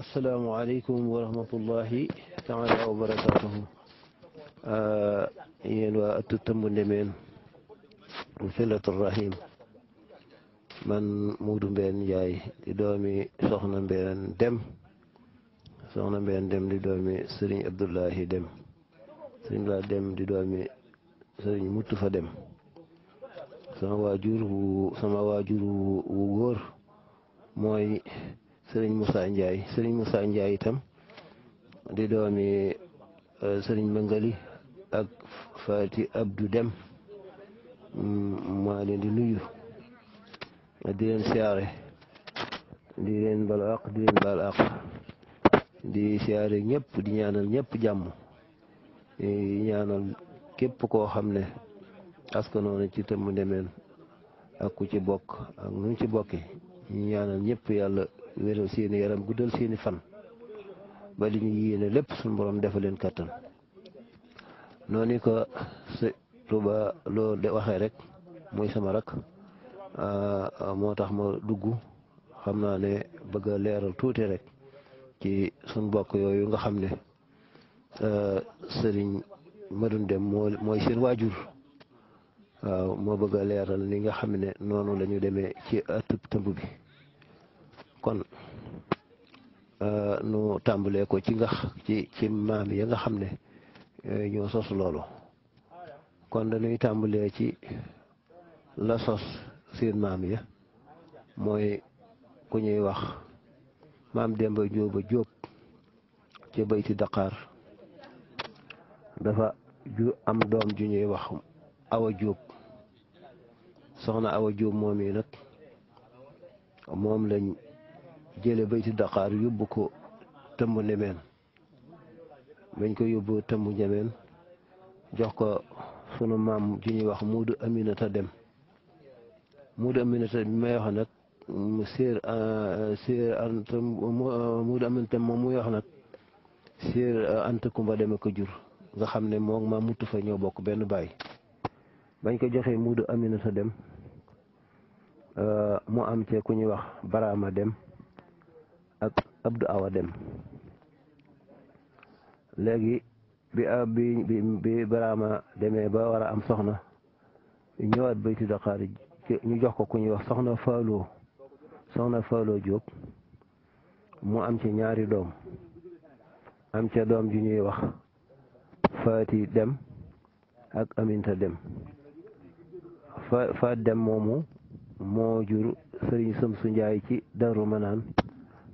asalaamaaleykum wa rahmatullahi taala wa barakaatuhu ah, yéen waa ëttu tëmb ndemeen filatu di doomi soxna Mbeen Dem soxna Mbeen Dem di doomi Sëriñ Abdullahi Dem Sëriñ la Dem sama waajur wu sama mooy sëriñ Moussa Ndiaye Serigne Moussa Ndiaye itam di doomi euh, sëriñ Bangali ak Fati Abdou Dem mm, maa leen di nuyu di leen siyaare di leen bal di leen bal aq siyaare ñëpp di ñaanal ñëpp jàmm di ñaanal képp koo xam ne askanoona ci tëmm demeen ak ku ci bokk ak nu ci bokki ñu ñaanal ñëpp yàlla wéral seeni yaram guddal seeni fan ba li ñu yéene lépp suñu borom defal leen kàttan noonu ko si Touba loo de waxee rek muy sama rak ah, moo tax ma dugg xam naa ne bëgg a leeral tuuti rek ci suñ bokk yooyu nga xam ne ah, sëriñ Madoune Dem moo mooy seen waajur waaw ah, moo bëgg a leeral ni nga xam ne noonu la ñu demee ci ëtt tëmb bi kon euh, nu tàmbalee ko ci nga ci ci maam ya nga xam ne euh, ñoo sos loolu kon dañuy tàmbalee ci la sos seen maam ya mooy ku ñuy wax maam Demba Jóoba Jóob ca bayti Dakar dafa ju am doom ju ñuy wax Awa Jóob soxna Awa Jóob moom yi nag moom lañ jële bayti Dakar yóbbu ko tëmb ndemeen bañ koy yóbbu tëmb njameen jox ko sunu maam ju ñuy wax Moodu Aminata Dem Moodu Aminata bi may wax nag séer euh, séer ant Dem moom muy nag séer euh, ant Kumba Deme ko jur nga xam ne moom maa mutu fa ñoo bokk benn baay bañ ko joxee Moodu Aminata Dem euh, mu am cee ku ñuy wax Baraama Dem ak Abdou Awa Dem léegi bi ah, Baraama demee ba war a am soxna ñëwaat bayti Dakar ñu jox ko ku ñuy wax soxna Fallou soxna Fallou Diop mu am ci ñaari doom am ca doom ju ñuy wax Faati Dem ak Aminta Dem fa Faat Dem moomu moo jur Sëriñ Sëmsu Njaay ci Daru Manaan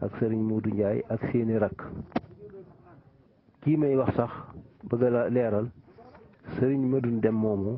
ak sëriñ Muudu Njaay ak seeni rakk kii may wax sax bëgg la leeral sëriñ Madun Dem moomu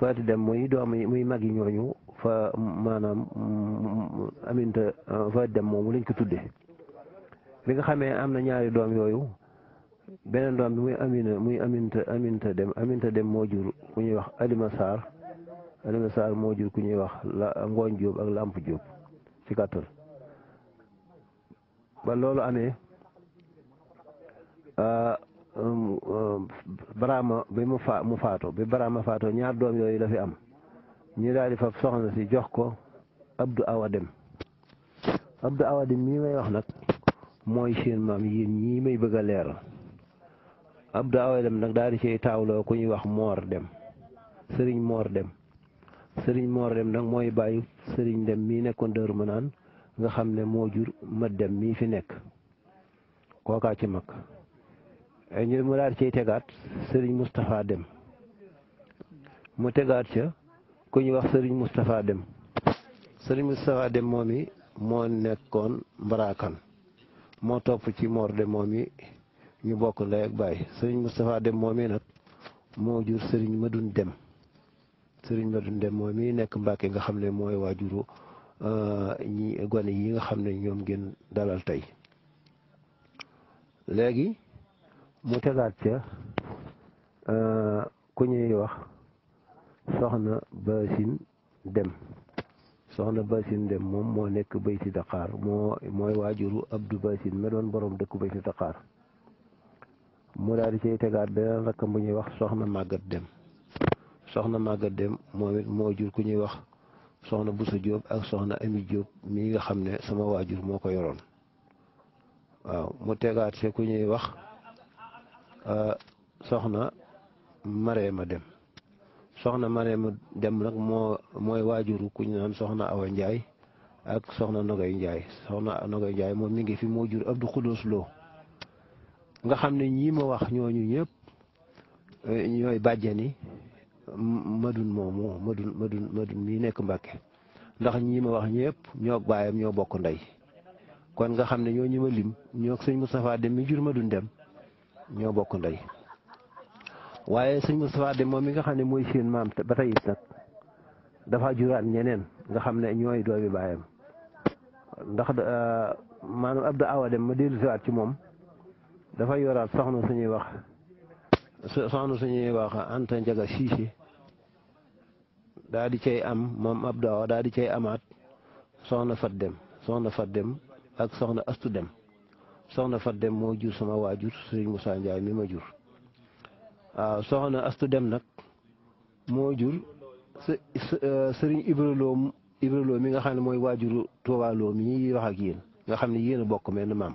faati dem muy doom yi muy mag yi ñooñu fa maanaam aminta faati dem moomu lañ ko tudde bi nga xamee am na ñaari doom yooyu beneen doom bi muy amina muy aminta aminta dem aminta dem moo jur ku ñuy wax alima saar alima saar moo jur ku ñuy wax la ngooñ jóob ak làmp jóob ci gàttal ba loolu amee euh, euh, Baraama bi mu fa mu faatoo bi Baraama faatoo ñaar doom yooyu la fi am ñu daal di fa soxna si jox ko Abdou Awa Dem Abdou Awa Dem mii may wax nag mooy seen maam yéen ñii may bëgg a leeral Abdou Awa Dem nag daal di cay taawloo ku ñuy wax Moor Dem Sëriñ Moor Dem Sëriñ Moor Dem nag mooy bàyyi Sëriñ Dem mii nekkoon Daaru Manaan nga xam ne moo jur ma dem mii fi nekk kookaa ci mag ñu mu daal ciy tegaat sëriñ Moustapha dem mu tegaat ca ku ñuy wax sëriñ Moustapha dem sëriñ Moustapha dem moom i moo nekkoon mbaraakan moo topp ci Mor dem moom i ñu bokk ndey ak baay sëriñ Moustapha dem moom i nag moo jur sëriñ Madoun dem sëriñ Madoun dem moom i nekk Mbàkke nga xam ne mooy waajuru Euh, ñi gone yi nga xam ne ñoom ngeen dalal tey léegi mu tegaat ca euh, ku ñuy wax soxna Basin Dem soxna Basin Dem moom moo nekk bayti Dakar moo mooy waajuru Abdou Basin ma doon borom dëkku bayti Dakar mu daal di cay tegaat beneen rakkam bu ñuy wax soxna màggat Dem soxna màggat Dem moom it moo jur ku ñuy wax soxna Boussa Diop ak soxna Ami Diop mii nga xam ne sama waajur moo ko yoroon waaw mu tegaat see ku ñuy wax euh, soxna ma Dem soxna ma Dem nag moo mooy waajuru ku ñu naan soxna Awa njaay ak soxna Nogay Ndiaye soxna Nogay Ndiaye moom mi ngi fi moo jur Abdou Khoudous Lo nga xam ne ñii ma wax ñooñu ñëpp euh, ñooy bàjjani madun moomu madun madun madun mii nekk Mbàkke ndax ñii ma wax ñëpp ñoo baayam ñoo bokk ndey kon nga xam ne ñoo ñu ma lim ñoo sëñ Moustapha Dem mi jur madun dem ñoo bokk ndey waaye sëñ Moustapha Dem moom mi nga xam ne mooy séen maam ba tey nag dafa juraat ñeneen nga xam ne ñooy doomi baayam ndax euh, maanaam Abdou Awa Dem ma dellu siwaat ci moom dafa yoraat soxna suñuy wax soxna suñuy wax Anta Njaga Siise daa di cay am moom ab daaw daa di cay amaat soxna fat dem soxna fat dem ak soxna astu dem soxna fat dem moo jur sama waajur sëriñ Moussa Ndiaye mi ma jur soxna astu dem nag moo jur sëriñ euh, Ibrahima Ibrahima mi nga xam ne mooy waajuru tuubaaloo mi wax ak yéen nga xam ne yéen a bokk mel maam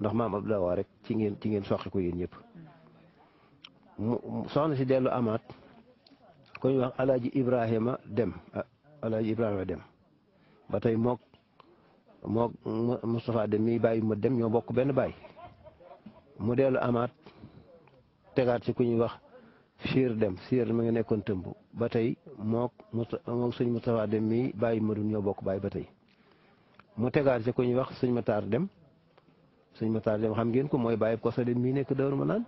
ndax maam ab daaw rek ci ngeen ci ngeen soqi ko yéen ñëpp mu soxna si dellu amaat ku ñuy wax alaaji ibrahima dem ah, alaaji ibrahima dem ba tey mook mook Moustapha dem mii bàyyi ma dem ñoo bokk benn bàyyi mu dellu amaat tegaat si ku ñuy wax siir dem siir ma nga nekkoon tëmb ba tey mook mook sëñ Moustapha dem mi bàyyi ma dun bokk bàyyi ba tey mu tegaat si ñuy wax sëñ Matar dem sëñ Matar dem xam ngeen ko mooy bàyyi ko sa dem mii nekk Daaru Manaan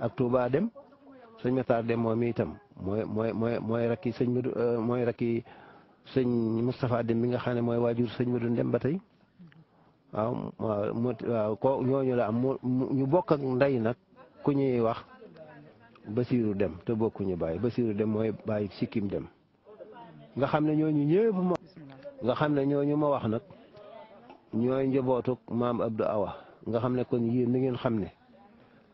ak Touba dem sëñ Matar Dem moom itam mooy mooy mooy mooy rakki sëñ Madu euh, mooy rakki sëñ Moustapha Dem bi nga xam ne mooy waajur sëñ Madu Dem ba tey waaw waaw moo waaw ko ñooñu la am ñu bokk ak ndey nag ku ñuy wax Basiiru Dem te bokkuñu bàyyi Basiiru Dem mooy bàyyi Sikkim Dem nga xam ne ñooñu ñëpp ma nga xam ne ñooñu ma wax nag ñooy njabootuk maam Abdou Awa nga xam ne kon yéen na ngeen xam ne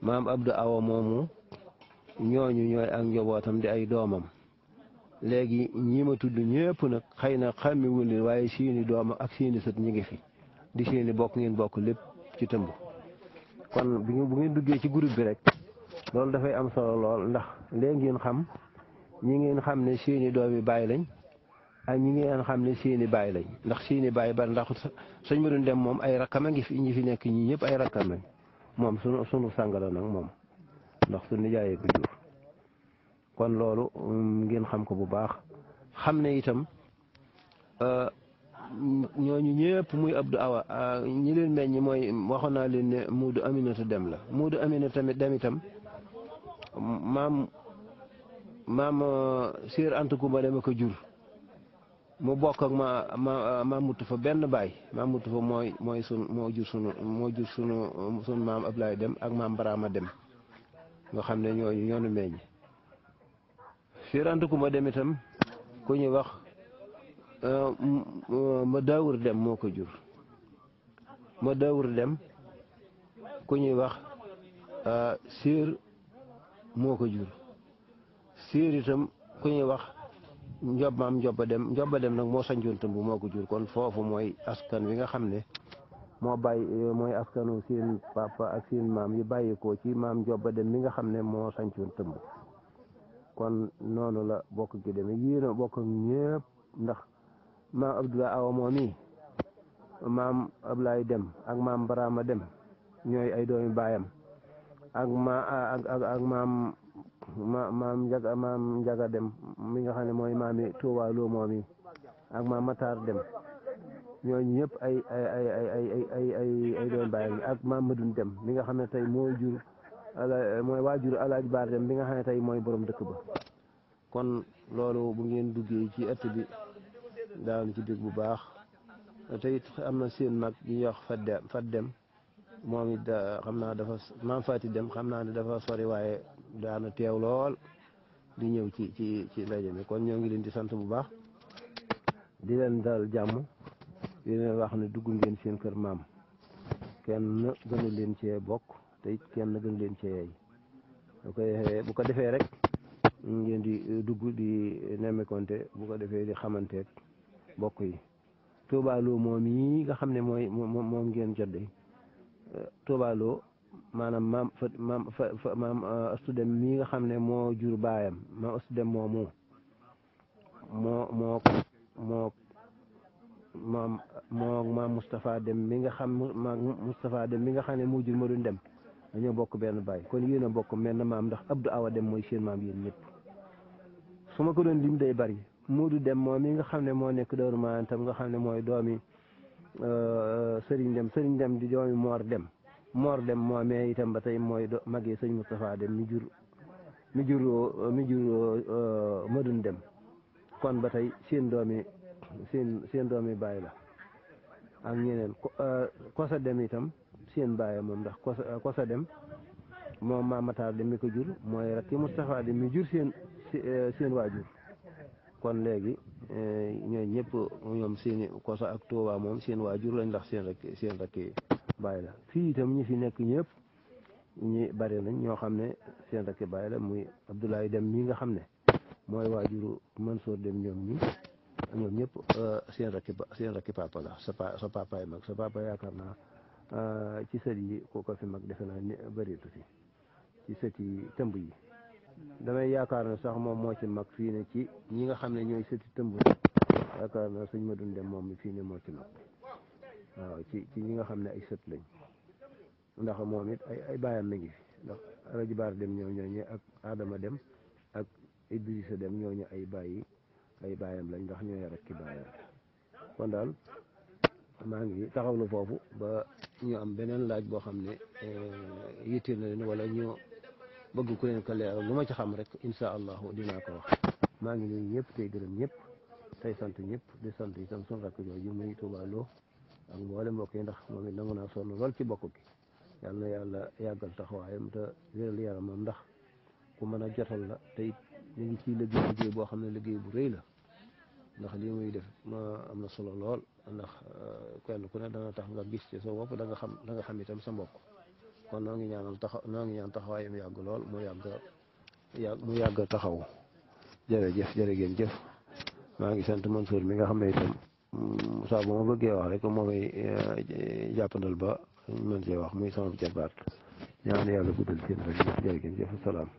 maam Abdou Awa moomu ñooñu ñooy ak njabootam di ay doomam léegi ñi ma tudd ñëpp nag xëy na xàmmiwul leen waaye seeni doom ak seeni sët ñu ngi fi di seeni bokk ngeen bokk lépp ci tëmb kon bu ngeen duggee ci groupe bi rek loolu dafay am solo lool ndax léegi ngeen xam ñi ngeen xam ne seeni doom yi bàyyi lañ ak ñi ngeen xam ne seeni baay lañ ndax seeni bàyyi ba ndax sëñ ma doon dem moom ay rakkam a ngi fi ñi fi nekk ñi ñëpp ay rakkam moom sunu sunu sàng nag moom ndax su nijaayee ko jur kon loolu mm, ngeen xam ko bu baax xam ne itam euh, ñooñu ñëpp muy Abdou Awa euh, ñi leen meññ mooy waxoon naa leen ne Muudu Aminata dem la Muudu Aminata tamit dem itam maam maam Séer euh, Anta Kumba dama ko jur mu bokk ak ma ma ma fa benn baay ma mutu fa mooy mooy sun moo jur sunu moo jur sunu sunu maam Ablaye dem ak maam a dem nga xam ne ñooñu ñoonu meññ firantu ku ma dem itam ku ñu wax euh, ma daawur dem moo ko jur ma dawur dem ku ñuy wax euh, sir moo ko jur séer itam ku ñuy wax njobmaam njoba dem njoba dem nag moo sanjoon tëmb moo ko jur kon foofu mooy askan wi nga xam ne moo bàyyi euh, mooy askanu seen papa ak seen maam yi bàyyikoo ci maam jobba dem mi nga xam ne moo sancoon tëmb kon noonu la bokk gi dem yéen a bokk ñëpp ndax maam Abdoulaye Awa moom yi maam Ablaye dem ak maam Barama dem ñooy ay doomi baayam ak ma ak maam ma maam Njaga Njaga dem mi nga xam ne mooy maami Tuubaa moom yi ak maam Matar dem ñooñu ñëpp ay ay ay ay ay ay ay ay doon bàyyi ak Mamadou Dem mi nga xam ne tey moo jur ala mooy waajur alaaj Baar Dem bi nga xam ne tey mooy borom dëkk ba kon loolu bu ngeen duggee ci ëtt bi daan ci dégg bu baax te it am na seen mag ñu wax fat dem moom it xam naa dafa maam fati dem xam naa ne dafa sori waaye daanu teew lool di ñëw ci ci ci ndaje mi kon ñoo ngi leen di sant bu baax di leen dal jàmm di leen wax ne dugg ngeen seen kër maam kenn gënu leen cee bokk te kenn gënu leen cee yey bu ko defee rek ngeen di eh, dugg di eh, nemmekonte bu ko defee di xamanteeg bokk yi tuubaaloo moom yi nga xam ne mooy moom ngeen jot de eh, tuubaaloo maanaam maam fa maam fa maam astu dem mii nga xam ne moo jur baayam maam astu dem moomu moo moo maam moo maam Moustapha Dem mi nga xam maam Moustapha Dem mi nga xam ne moo jur ma doon dem dañoo bokk benn baay kon yéen a bokk menn maam ndax Abdou Awa Dem mooy seen maam yéen ñëpp su ma ko doon lim day bari Moodu Dem moo mi nga xam ne moo nekk Daaru Marnaan tam nga xam ne mooy doomi euh, euh, Sëriñ Dem Sëriñ Dem di doomi Moor Dem Moor Dem moomee itam ba tey mooy magee sëñ Moustapha Dem mi jur mi jur mi euh, Dem kon ba tey seen doomi seen seen doomi baay la ak ñeneen euh, kosa dem itam seen baay moom ndax kosa euh, kosa dem moom maamataar dem mi ko jur mooy rakki Moustapha dem mi jur seen euh, seen waajur kon léegi ñooy ñëpp ñoom seeni kosa ak Touba moom seen waajur lañ ndax seen rakki seen rakki baay la fii itam ñi fi nekk ñëpp ñi bari nañ ñoo xam ne seen rakki baay la muy Abdoulaye dem mi nga xam ne mooy waajuru soo dem ñoom ñi ñoom ñëpp euh, seen rakki seen la sa pa sa papaay mag sa papa yaakaar naa euh, ci sët yi ku fi mag defe naa ni bëreetu fi ci sët yi tëmb yi damay yaakaar na sax moom moo ci mag fii ne ci ñi nga xam ne ñooy sëti tëmb yaakaar na suñ ma dundee moom fii ne moo ci mag waaw ci ci ñi nga xam ne ay sët lañ ndax moom it ay ay bàyyam ngi fi ndax rajo dem ñoo ñooñu ak Adama dem ak Idrissa dem ñooñu ay bàyyi ay baayam lañ ndax ñooy rakki baayam kon daal maa ngi taxawlu foofu ba ñu am beneen laaj boo xam ne eh, yitteel na leen wala ñu bëgg ku leen ko leeral lu ma ci xam rek insha allahu dinaa ko wax maa ngi nuyu ñëpp tey gërëm ñëpp tey sant ñëpp di sant itam suñu rakk jooju muy Tuubaa Lo ak mboole mbokk yi ndax moom it nangu naa sonn lool ci bokk gi yal na yàlla yàggal taxawaayam te wéral yaramam ndax ku mën a jotal la te it ñu ngi ciy liggéey boo xam ne liggéey bu rëy la ndax lii muy def ma am na solo lool ndax kenn ku ne dana tax nga gis ci sa bopp da nga xam da nga xam itam sa mbokk kon noo ngi ñaanal taxaw noo ngi ñaan taxawaayam yàgg lool mu yàgg yàgg mu yàgg taxaw jërëjëf jërë ngeen jëf maa ngi sant Mansour mi nga xam ne itam saa bu ma bëggee wax rek moo may jàppandal ba mën cee wax muy sama jarbaat ñaan yàlla guddal seen rek jërë ngeen jëf salaam